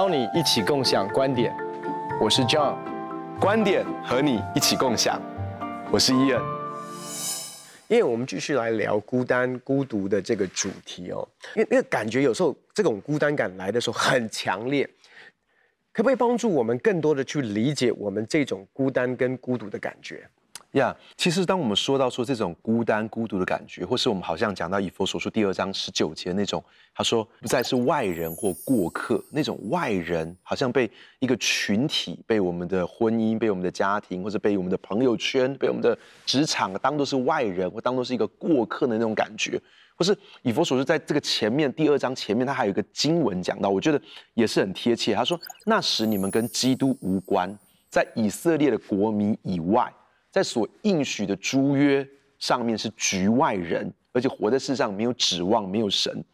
邀你一起共享觀點，我是 John，觀點和你一起共享，我是伊恩。因為我們繼續來聊孤單、孤獨的這個主題哦，因為那個感覺有時候這種孤單感來的時候很強烈，可不可以幫助我們更多的去理解我們這種孤單跟孤獨的感覺？呀、yeah，其實當我們說到說這種孤單、孤獨的感覺，或是我們好像講到以弗所書第二章十九節那種，他說不再是外人或過客，那種外人好像被一個群體、被我們的婚姻、被我們的家庭，或者被我們的朋友圈、被我們的職場，當做是外人或當做是一個過客的那種感覺，或是以弗所書在這個前面第二章前面，他還有一個經文講到，我覺得也是很貼切。他說那時你們跟基督無關，在以色列的國民以外。在所應許的諸約上面是局外人，而且活在世上沒有指望，沒有神。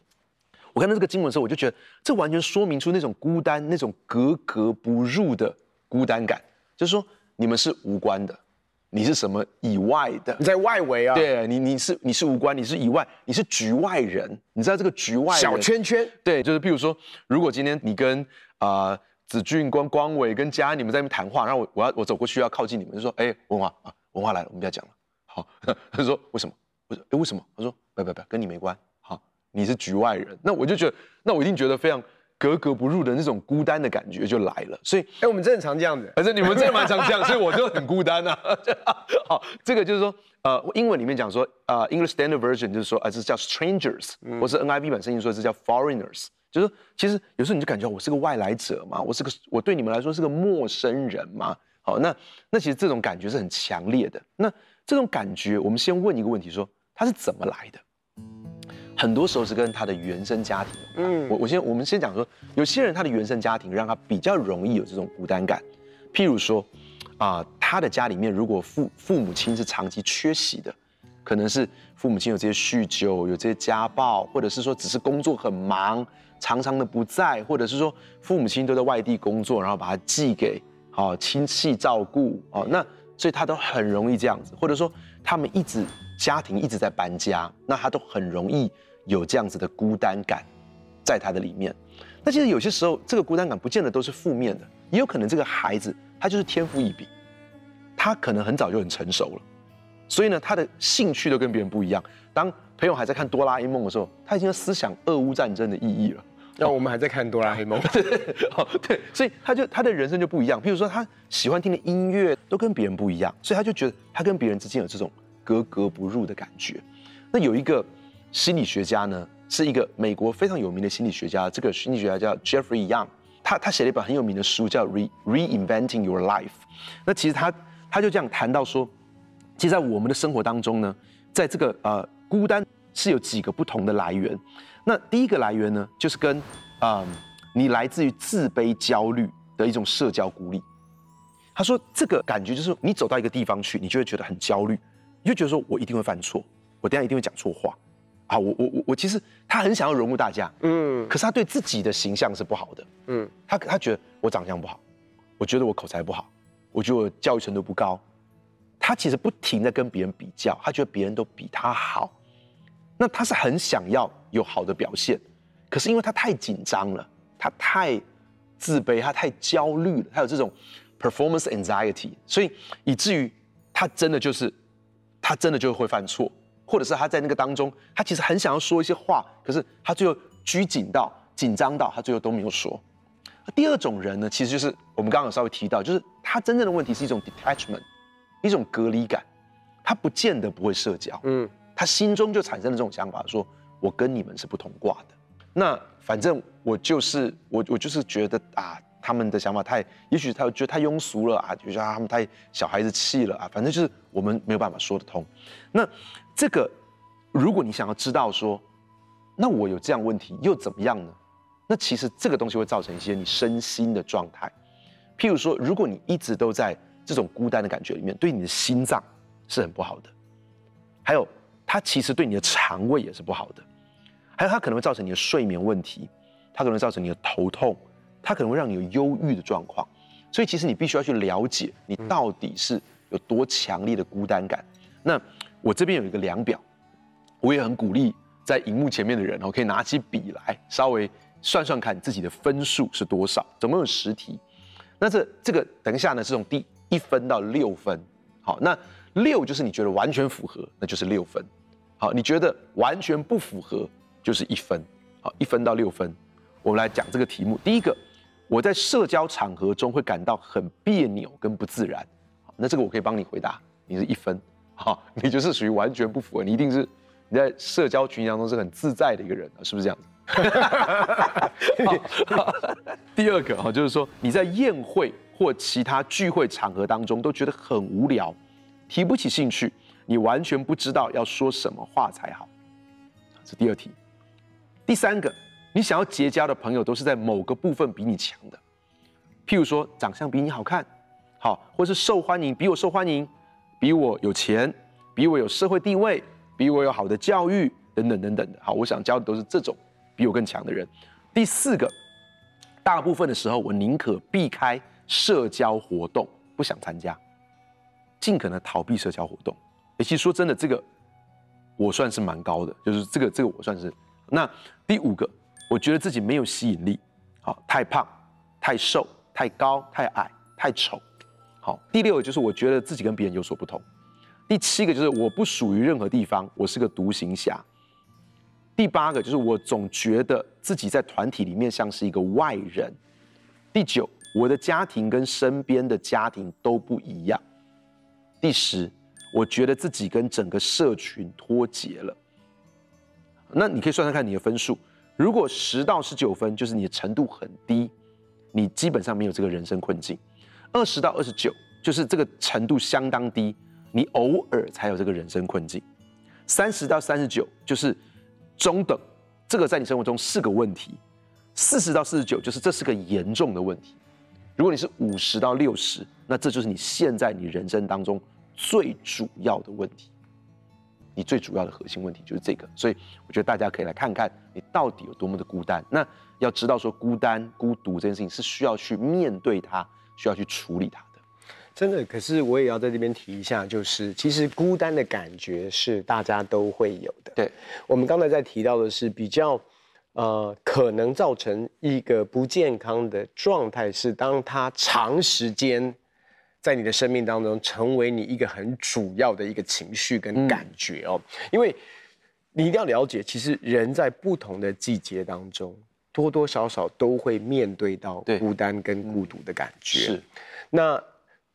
我看到這個經文的時候，我就覺得這完全說明出那種孤單、那種格格不入的孤單感。就是說，你們是無關的，你是什麼以外的？你在外圍啊。對，你你是你是無關，你是以外，你是局外人。你知道這個局外人小圈圈？對，就是比如說，如果今天你跟啊。呃子俊、光光偉跟佳，你們在那邊談話，然後我我要我走過去要靠近你們，就說：哎、欸，文華啊，文華來了，我們不要講了。好，他說：為什麼？我說：哎、欸，為什麼？他說：不不不，跟你沒關。好，你是局外人。那我就覺得，那我一定覺得非常格格不入的那種孤單的感覺就來了。所以，哎、欸，我們真的常這樣子、欸，反正你們真的蠻常這樣， 所以我就很孤單吶、啊啊。好，這個就是說，呃，英文裡面講說，啊、呃、，English Standard Version 就是說，啊、呃，這叫 strangers，、嗯、或是 NIV 版聖經說這叫 foreigners。就是其實有時候你就感覺我是個外來者嘛，我是個我對你們來說是個陌生人嘛。好，那那其實這種感覺是很強烈的。那這種感覺，我們先問一個問題說：說他是怎麼來的？很多時候是跟他的原生家庭。嗯，我我先我們先講說，有些人他的原生家庭讓他比較容易有這種孤單感。譬如說，啊、呃，他的家裡面如果父父母親是長期缺席的，可能是父母親有這些酗酒、有這些家暴，或者是說只是工作很忙。常常的不在，或者是說父母親都在外地工作，然後把他寄給啊親戚照顧哦，那所以他都很容易這樣子，或者說他們一直家庭一直在搬家，那他都很容易有這樣子的孤單感在他的裡面。那其實有些時候，這個孤單感不見得都是負面的，也有可能這個孩子他就是天賦異稟，他可能很早就很成熟了，所以呢他的興趣都跟別人不一樣。當朋友還在看哆啦 A 夢的時候，他已經思想俄烏戰爭的意義了。那我們還在看哆啦 A 夢 對對，對，所以他就他的人生就不一樣。譬如說他喜歡聽的音樂都跟別人不一樣，所以他就覺得他跟別人之間有這種格格不入的感覺。那有一個心理學家呢，是一個美國非常有名的心理學家，這個心理學家叫 Jeffrey Young，他他寫了一本很有名的書叫《Re Reinventing Your Life》。那其實他他就這樣談到說，其實在我們的生活當中呢，在這個呃孤單，是有幾個不同的來源，那第一個來源呢，就是跟，嗯，你來自於自卑焦慮的一種社交孤立。他說這個感覺就是你走到一個地方去，你就會覺得很焦慮，你就覺得說我一定會犯錯，我等下一定會講錯話，啊，我我我我其實他很想要融入大家，嗯，可是他對自己的形象是不好的，嗯，他他覺得我長相不好，我覺得我口才不好，我覺得我教育程度不高，他其實不停的跟別人比較，他覺得別人都比他好。那他是很想要有好的表現，可是因為他太緊張了，他太自卑，他太焦慮了，他有這種 performance anxiety，所以以至於他真的就是，他真的就會犯錯，或者是他在那個當中，他其實很想要說一些話，可是他最後拘謹到，緊張到，他最後都沒有說。而第二種人呢，其實就是我們剛剛有稍微提到，就是他真正的問題是一種 detachment，一種隔離感，他不見得不會社交，嗯。他心中就產生了這種想法說，說我跟你們是不同掛的，那反正我就是我，我就是覺得啊，他們的想法太，也許他覺得太庸俗了啊，有些他們太小孩子氣了啊，反正就是我們沒有辦法說得通。那這個，如果你想要知道說，那我有這樣問題又怎麼樣呢？那其實這個東西會造成一些你身心的狀態，譬如說，如果你一直都在這種孤單的感覺裡面，對你的心臟是很不好的，還有。它其實對你的腸胃也是不好的，還有，它可能會造成你的睡眠問題，它可能會造成你的頭痛，它可能會讓你有憂鬱的狀況。所以其實你必須要去了解你到底是有多強烈的孤單感。嗯。那我這邊有一個量表，我也很鼓勵在熒幕前面的人哦，我可以拿起筆來稍微算算看自己的分數是多少，總共有十題。那這這個等一下呢是從第一分到六分，好，那六就是你覺得完全符合，那就是六分。好，你覺得完全不符合就是一分，好，一分到六分，我們來講這個題目。第一個，我在社交場合中會感到很別扭跟不自然，好，那這個我可以幫你回答，你是一分，好，你就是屬於完全不符合，你一定是你在社交群當中是很自在的一個人，是不是這樣子？ 好，好，第二個啊，就是說你在宴會或其他聚會場合當中都覺得很無聊，提不起興趣。你完全不知道要說什麼話才好，這第二題。第三個，你想要結交的朋友都是在某個部分比你強的，譬如說長相比你好看，好，或是受歡迎，比我受歡迎，比我有錢，比我有社會地位，比我有好的教育等等等等的，好，我想交的都是這種比我更強的人。第四個，大部分的時候我寧可避開社交活動，不想參加，盡可能逃避社交活動。其實說真的，這個我算是蠻高的，就是這個這個我算是。那第五個，我覺得自己沒有吸引力，好，太胖、太瘦、太高、太矮、太醜。好，第六個就是我覺得自己跟別人有所不同。第七個就是我不屬於任何地方，我是個獨行俠。第八個就是我總覺得自己在團體裡面像是一個外人。第九，我的家庭跟身邊的家庭都不一樣。第十。我覺得自己跟整個社群脫節了。那你可以算算看你的分數，如果十到十九分，就是你的程度很低，你基本上沒有這個人生困境；二十到二十九，就是這個程度相當低，你偶爾才有這個人生困境；三十到三十九，就是中等，這個在你生活中是個問題；四十到四十九，就是這是個嚴重的問題。如果你是五十到六十，那這就是你現在你人生當中。最主要的問題，你最主要的核心問題就是這個，所以我覺得大家可以來看看你到底有多麼的孤單。那要知道說孤單、孤獨這件事情是需要去面對它，需要去處理它的。真的，可是我也要在這邊提一下，就是其實孤單的感覺是大家都會有的。對。我們剛才在提到的是比較呃，可能造成一個不健康的狀態，是當它長時間。在你的生命當中，成為你一個很主要的一個情緒跟感覺哦，因為你一定要了解，其實人在不同的季節當中，多多少少都會面對到孤單跟孤獨的感覺，嗯。是，那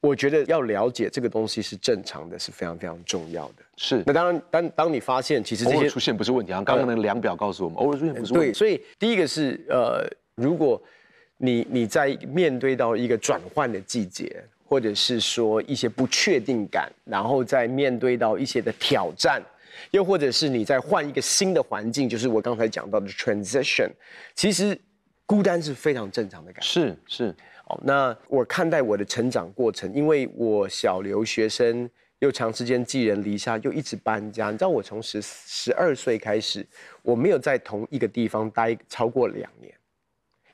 我覺得要了解這個東西是正常的，是非常非常重要的。是，那當然，當當你發現其實這些偶爾出現不是問題啊，剛剛那個量表告訴我們，嗯，偶爾出現不是問題。對，所以第一個是呃，如果你你在面對到一個轉換的季節。或者是說一些不確定感，然後再面對到一些的挑戰，又或者是你再換一個新的環境，就是我剛才講到的 transition。其實孤單是非常正常的感覺。是是哦，那我看待我的成長過程，因為我小留學生又長時間寄人籬下，又一直搬家。你知道，我從十十二歲開始，我沒有在同一個地方待超過兩年，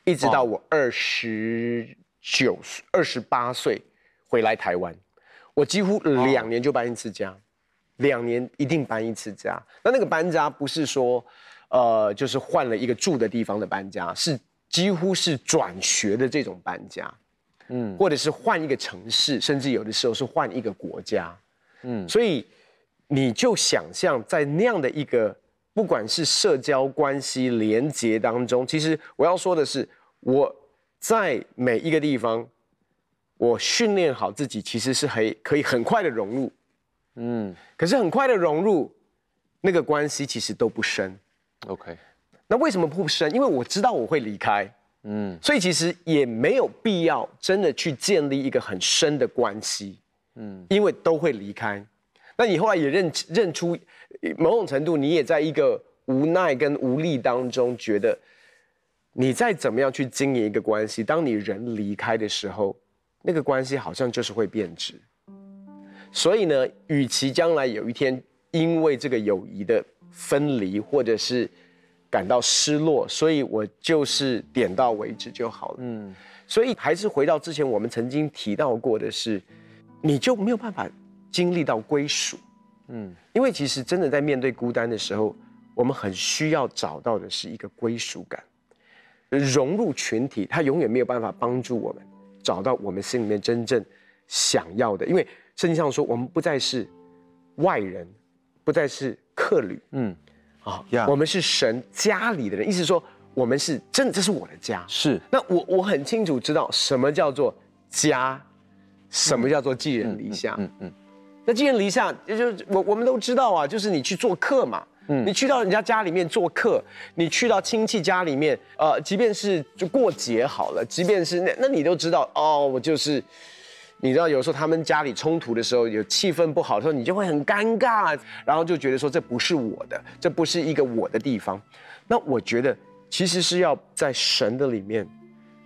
一直到我二十九歲、二十八歲。回來台灣，我幾乎兩年就搬一次家，哦，兩年一定搬一次家。那那個搬家不是說，呃，就是換了一個住的地方的搬家，是幾乎是轉學的這種搬家，嗯，或者是換一個城市，甚至有的時候是換一個國家，嗯。所以你就想象在那樣的一個，不管是社交關係連接當中，其實我要說的是，我在每一個地方。我訓練好自己，其實是可以可以很快的融入，嗯，可是很快的融入，那個關係其實都不深，OK，那為什麼不深？因為我知道我會離開，嗯，所以其實也沒有必要真的去建立一個很深的關係，嗯，因為都會離開。那你後來也認認出某種程度，你也在一個無奈跟無力當中，覺得你再怎麼樣去經營一個關係，當你人離開的時候。那個關係好像就是會變質，所以呢，與其將來有一天因為這個友誼的分離，或者是感到失落，所以我就是點到為止就好了。嗯，所以還是回到之前我們曾經提到過的是，你就沒有辦法經歷到歸屬。嗯，因為其實真的在面對孤單的時候，我們很需要找到的是一個歸屬感，融入群體，他永遠沒有辦法幫助我們找到我們心裡面真正想要的，因為聖經上說，我們不再是外人，不再是客旅，嗯，啊、yeah. 我們是神家裡的人，意思是說我們是真的，這是我的家。是，那我我很清楚知道什麼叫做家，嗯、什麼叫做寄人籬下。嗯嗯，嗯，嗯，那寄人籬下，就是、我我們都知道啊，就是你去做客嘛。嗯，你去到人家家裡面做客，你去到親戚家裡面，呃，即便是就過節好了，即便是那那你都知道哦，我就是，你知道有時候他們家裡衝突的時候，有氣氛不好的時候，你就會很尷尬，然後就覺得說這不是我的，這不是一個我的地方。那我覺得其實是要在神的裡面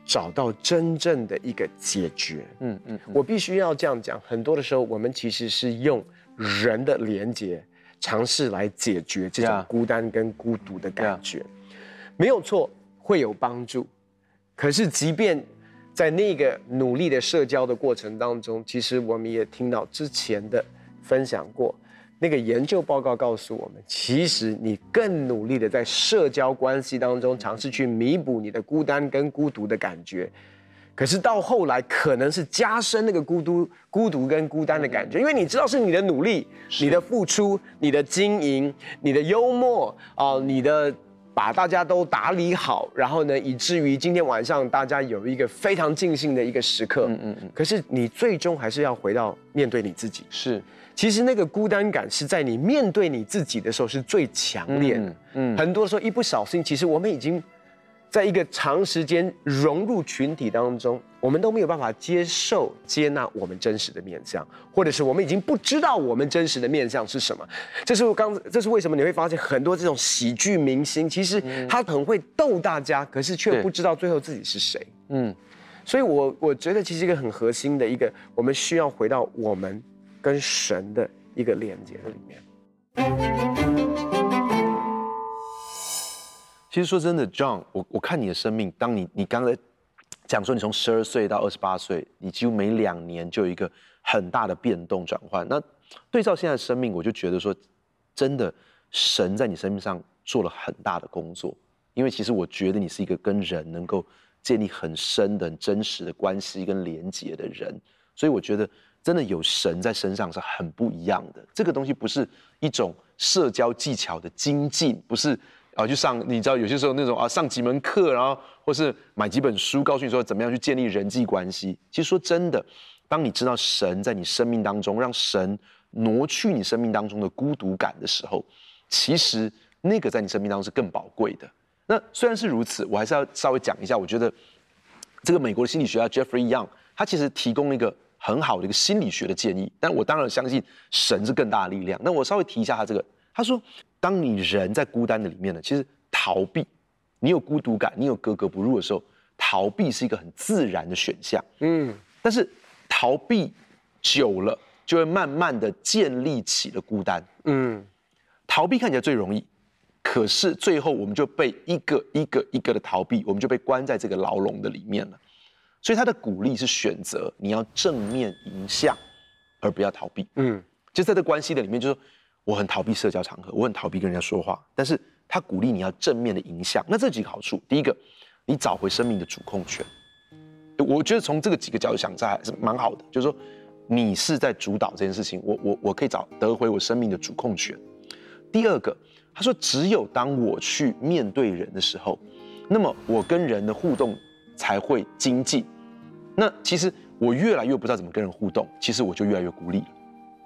找到真正的一個解決。嗯嗯，嗯，我必須要這樣講，很多的時候我們其實是用人的連接。嘗試來解決這種孤單跟孤獨的感覺，yeah. 沒有錯，會有幫助。可是，即便在那個努力的社交的過程當中，其實我們也聽到之前的分享過，那個研究報告告訴我們，其實你更努力的在社交關係當中嘗試去彌補你的孤單跟孤獨的感覺。可是到後來，可能是加深那個孤獨、孤獨跟孤單的感覺，因為你知道是你的努力、你的付出、你的經營、你的幽默哦、呃，你的把大家都打理好，然後呢，以至於今天晚上大家有一個非常盡興的一個時刻。嗯嗯嗯。可是你最終還是要回到面對你自己。是，其實那個孤單感是在你面對你自己的時候是最強烈的、嗯。嗯。很多時候一不小心，其實我們已經。在一個長時間融入群體當中，我們都沒有辦法接受、接納我們真實的面相，或者是我們已經不知道我們真實的面相是什麼。這是我剛，這是為什麼你會發現很多這種喜劇明星，其實他很會逗大家，可是卻不知道最後自己是誰。嗯，所以我我覺得其實一個很核心的一個，我們需要回到我們跟神的一個連結裡面。其實說真的，John，我我看你的生命，當你，你剛才講說你從十二歲到二十八歲，你幾乎每兩年就有一個很大的變動轉換。那對照現在的生命，我就覺得說，真的神在你生命上做了很大的工作。因為其實我覺得你是一個跟人能夠建立很深的、很真實的關係跟連結的人，所以我覺得真的有神在身上是很不一樣的。這個東西不是一種社交技巧的精進，不是。啊，去上你知道有些時候那種啊，上幾門課，然後或是買幾本書，告訴你說怎麼樣去建立人際關係。其實說真的，當你知道神在你生命當中，讓神挪去你生命當中的孤獨感的時候，其實那個在你生命當中是更寶貴的。那雖然是如此，我還是要稍微講一下，我覺得這個美國的心理學家 Jeffrey Young，他其實提供了一個很好的一個心理學的建議。但我當然相信神是更大的力量。那我稍微提一下他這個，他說。當你人在孤單的裡面呢，其實逃避，你有孤獨感，你有格格不入的時候，逃避是一個很自然的選項。嗯，但是逃避久了，就會慢慢的建立起了孤單。嗯，逃避看起來最容易，可是最後我們就被一個一個一個的逃避，我們就被關在這個牢籠的裡面了。所以他的鼓勵是選擇你要正面迎向，而不要逃避。嗯，就在這關係的裡面，就是說。我很逃避社交場合，我很逃避跟人家說話。但是他鼓勵你要正面的影響。那這幾個好處，第一個，你找回生命的主控權。我覺得從這個幾個角度想，這還是蠻好的，就是說你是在主導這件事情。我我我可以找得回我生命的主控權。第二個，他說只有當我去面對人的時候，那麼我跟人的互動才會經濟。那其實我越來越不知道怎麼跟人互動，其實我就越來越孤立。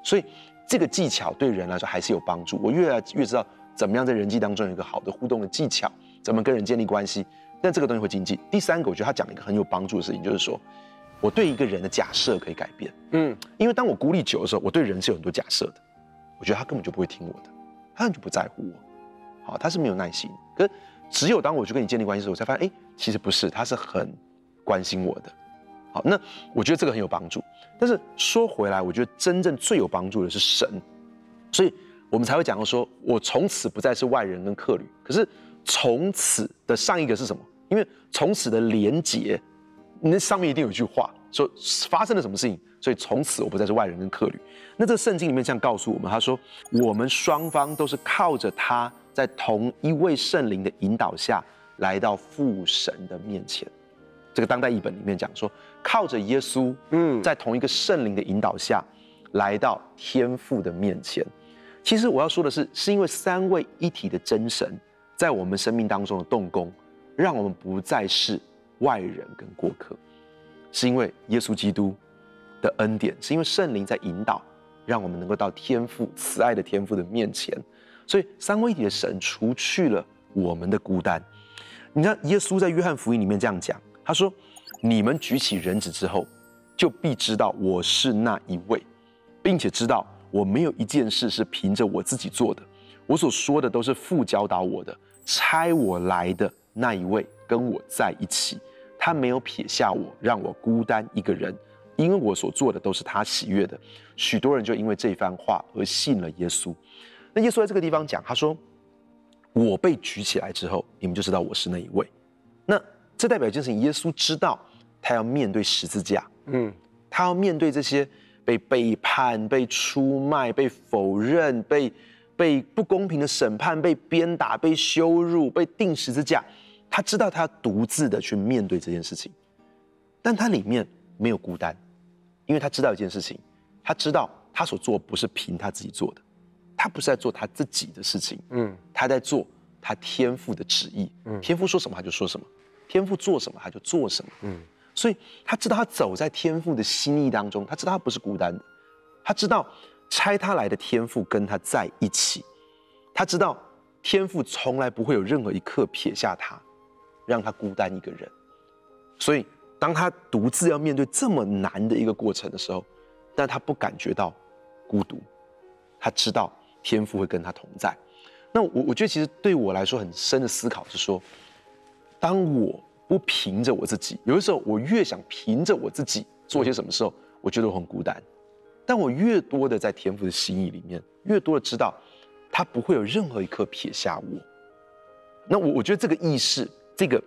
所以。這個技巧對人來說還是有幫助。我越來越知道怎麼樣在人際當中有一個好的互動的技巧，怎麼跟人建立關係。但這個東西會經濟。第三個，我覺得他講了一個很有幫助的事情，就是說，我對一個人的假設可以改變。嗯，因為當我孤立久的時候，我對人是有很多假設的。我覺得他根本就不會聽我的，他根本就不在乎我。好、哦，他是沒有耐心。可是只有當我去跟你建立關係的時候，我才發現，哎，其實不是，他是很關心我的。好，那我覺得這個很有幫助。但是說回來，我覺得真正最有幫助的是神，所以我們才會講到說，我從此不再是外人跟客旅。可是從此的上一個是什麼？因為從此的連結，那上面一定有一句話說發生了什麼事情。所以從此我不再是外人跟客旅。那這個聖經裡面這樣告訴我們，他說，我們雙方都是靠着他在同一位聖靈的引導下來到父神的面前。這個當代譯本裡面講說。靠着耶穌，嗯，在同一個聖靈的引導下，來到天父的面前。其實我要說的是，是因為三位一體的真神在我們生命當中的動工，讓我們不再是外人跟過客，是因為耶穌基督的恩典，是因為聖靈在引導，讓我們能夠到天父慈愛的天父的面前。所以三位一體的神除去了我們的孤單。你看，耶穌在約翰福音裡面這樣講，他說。你們舉起人子之後，就必知道我是那一位，並且知道我沒有一件事是憑着我自己做的，我所說的都是父教導我的，差我來的那一位跟我在一起，他沒有撇下我，讓我孤單一個人，因為我所做的都是他喜悅的。許多人就因為這番話而信了耶穌。那耶穌在這個地方講，他說：“我被舉起來之後，你們就知道我是那一位。”這代表就是耶穌知道，他要面對十字架，嗯，他要面對這些被背叛、被出賣、被否認、被被不公平的審判、被鞭打、被羞辱、被釘十字架。他知道他要獨自的去面對這件事情，但他裡面沒有孤單，因為他知道一件事情，他知道他所做不是憑他自己做的，他不是在做他自己的事情，嗯，他在做他天父的旨意，嗯，天父說什麼他就說什麼。天父做什麼他就做什麼，嗯，所以他知道他走在天父的心意當中，他知道他不是孤單的，他知道差他來的天父跟他在一起，他知道天父從來不會有任何一刻撇下他，讓他孤單一個人。所以當他獨自要面對這麼難的一個過程的時候，但他不感覺到孤獨，他知道天父會跟他同在。那我我覺得其實對我來說很深的思考是說，當我不憑着我自己，有的時候我越想憑着我自己做些什麼時候，我覺得我很孤單。但我越多的在天父的心意裡面，越多的知道，他不會有任何一刻撇下我。那我我覺得這個意識，這個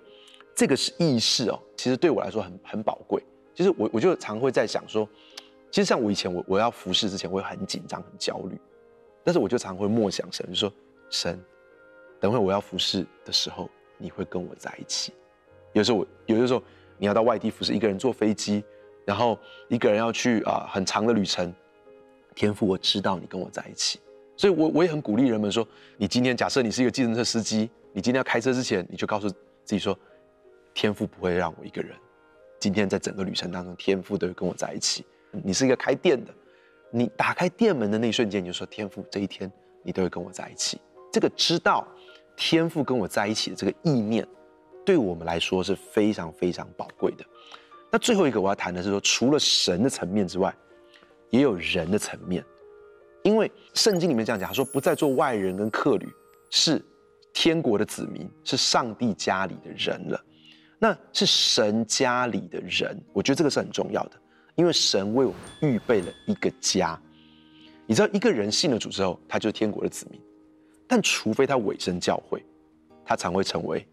這個是意識哦，其實對我來說很很寶貴。其實我我就常會在想說，其實像我以前我我要服侍之前，我會很緊張很焦慮，但是我就常會默想神，就是說，神，等會我要服侍的時候。你會跟我在一起。有時候我，有的時候你要到外地服侍，一個人坐飛機，然後一個人要去啊、呃，很長的旅程。天父，我知道你跟我在一起，所以我我也很鼓勵人們說：，你今天假設你是一個計程車司機，你今天要開車之前，你就告訴自己說：，天父不會讓我一個人，今天在整個旅程當中，天父都會跟我在一起。你是一個開店的，你打開店門的那一瞬間，你就說：天父這一天你都會跟我在一起。這個知道。天父跟我在一起的這個意念，對我們來說是非常非常寶貴的。那最後一個我要談的是說，除了神的層面之外，也有人的層面。因為聖經裡面這樣講，他說不再做外人跟客旅，是天國的子民，是上帝家裡的人了。那是神家裡的人，我覺得這個是很重要的，因為神為我們預備了一個家。你知道，一個人信了主之後，他就是天國的子民。但除非他委身教會，他才會成為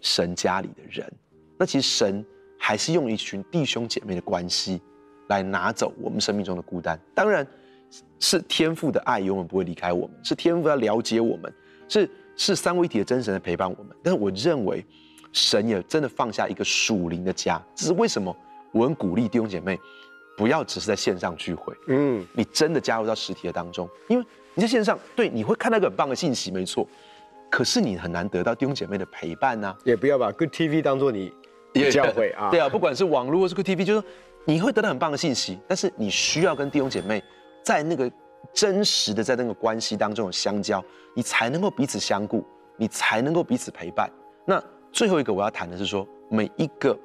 神家裡的人。那其實神還是用一群弟兄姐妹的關係，來拿走我們生命中的孤單。當然，是天父的愛永遠不會離開我們，是天父要了解我們是，是三位一體的真神在陪伴我們。但是我認為，神也真的放下一個屬靈的家。這是為什麼，我很鼓勵弟兄姐妹，不要只是在線上聚會，嗯，你真的加入到實體的當中，因為。你在線上對你會看到一個很棒的信息，沒錯，可是你很難得到弟兄姐妹的陪伴啊！也不要把 Good TV 當做你教會啊！ 對啊，不管是網絡或是 Good TV，就是你會得到很棒的信息，但是你需要跟弟兄姐妹在那個真實的在那個關係當中有相交，你才能夠彼此相顧，你才能夠彼此陪伴。那最後一個我要談的是說，每一個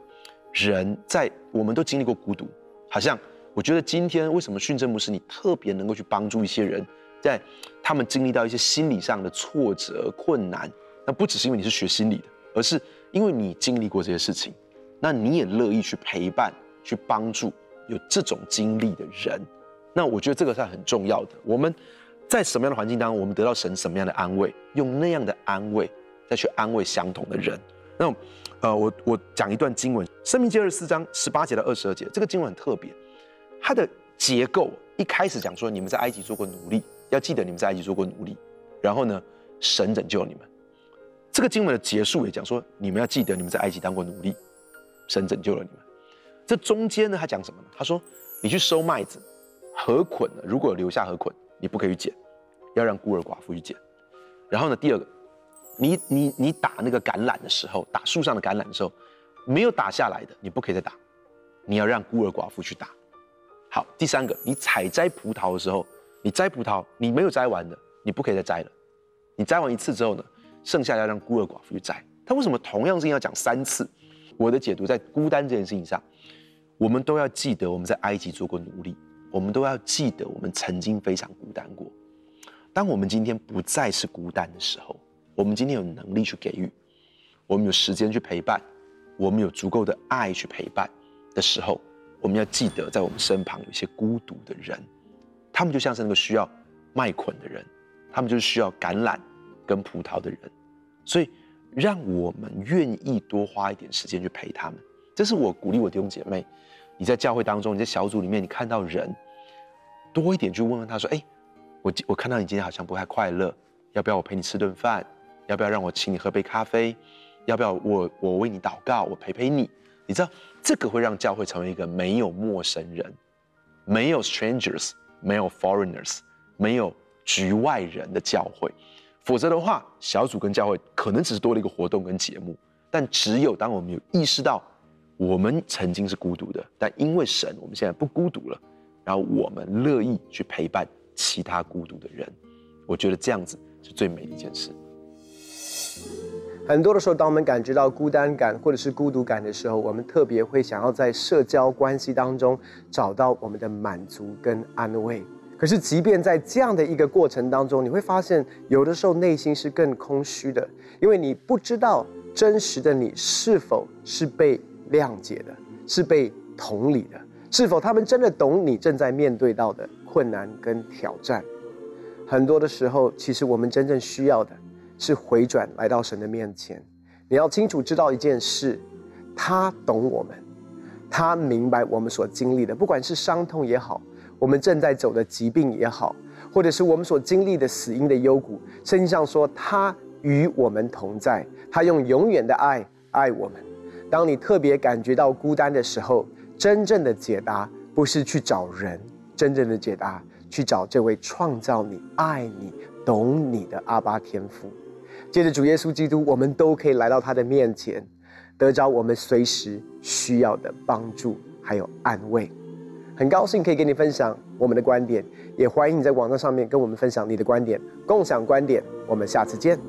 人在我們都經歷過孤獨，好像我覺得今天為什麼訓政牧師你特別能夠去幫助一些人？在他們經歷到一些心理上的挫折困難，那不只是因為你是學心理的，而是因為你經歷過這些事情，那你也樂意去陪伴、去幫助有這種經歷的人。那我覺得這個是很重要的。我們在什麼樣的環境當中，我們得到神什麼樣的安慰，用那樣的安慰再去安慰相同的人。那呃，我我講一段經文，《申命記》二十四章十八節到二十二節，這個經文很特別，它的結構一開始講說，你們在埃及做過奴隸。要記得你們在埃及做過奴隸，然後呢，神拯救你們。這個經文的結束也講說，你們要記得你們在埃及當過奴隸，神拯救了你們。這中間呢，他講什麼呢？他說，你去收麥子，禾捆呢，如果留下禾捆，你不可以去撿，要讓孤兒寡婦去撿。然後呢，第二個，你你你打那個橄欖的時候，打樹上的橄欖的時候，沒有打下來的，你不可以再打，你要讓孤兒寡婦去打。好，第三個，你採摘葡萄的時候。你摘葡萄，你沒有摘完的，你不可以再摘了。你摘完一次之後呢，剩下，要讓孤兒寡婦去摘。他為什麼同樣事情要講三次？我的解讀，在孤單這件事情上，我們都要記得我們在埃及做過奴隸，我們都要記得我們曾經非常孤單過。當我們今天不再是孤單的時候，我們今天有能力去給予，我們有時間去陪伴，我們有足夠的愛去陪伴的時候，我們要記得在我們身旁有一些孤獨的人。他們就像是那個需要麥捆的人，他們就是需要橄欖跟葡萄的人，所以讓我們願意多花一點時間去陪他們。這是我鼓勵我的弟兄姐妹，你在教會當中，你在小組裡面，你看到人多一點，去問問他說：“哎，我我看到你今天好像不太快樂，要不要我陪你吃頓飯？要不要讓我請你喝杯咖啡？要不要我我為你禱告？我陪陪你。”你知道，這個會讓教會成為一個沒有陌生人，沒有 strangers。沒有 foreigners，沒有局外人的教會，否則的話，小組跟教會可能只是多了一個活動跟節目。但只有當我們有意識到，我們曾經是孤獨的，但因為神，我們現在不孤獨了。然後我們樂意去陪伴其他孤獨的人，我覺得這樣子是最美的一件事。很多的時候，當我們感覺到孤單感或者是孤獨感的時候，我們特別會想要在社交關係當中找到我們的滿足跟安慰。可是，即便在這樣的一個過程當中，你會發現，有的時候內心是更空虛的，因為你不知道真實的你是否是被諒解的，是被同理的，是否他們真的懂你正在面對到的困難跟挑戰。很多的時候，其實我們真正需要的。是回轉來到神的面前，你要清楚知道一件事，他懂我們，他明白我們所經歷的，不管是傷痛也好，我們正在走的疾病也好，或者是我們所經歷的死蔭的幽谷，聖經上說他與我們同在，他用永遠的愛愛我們。當你特別感覺到孤單的時候，真正的解答不是去找人，真正的解答去找這位創造你、愛你、懂你的阿爸天父。借着主耶穌基督，我們都可以來到他的面前，得着我們隨時需要的幫助，還有安慰。很高興可以跟你分享我們的觀點，也歡迎你在網站上面跟我們分享你的觀點，共享觀點。我們下次見。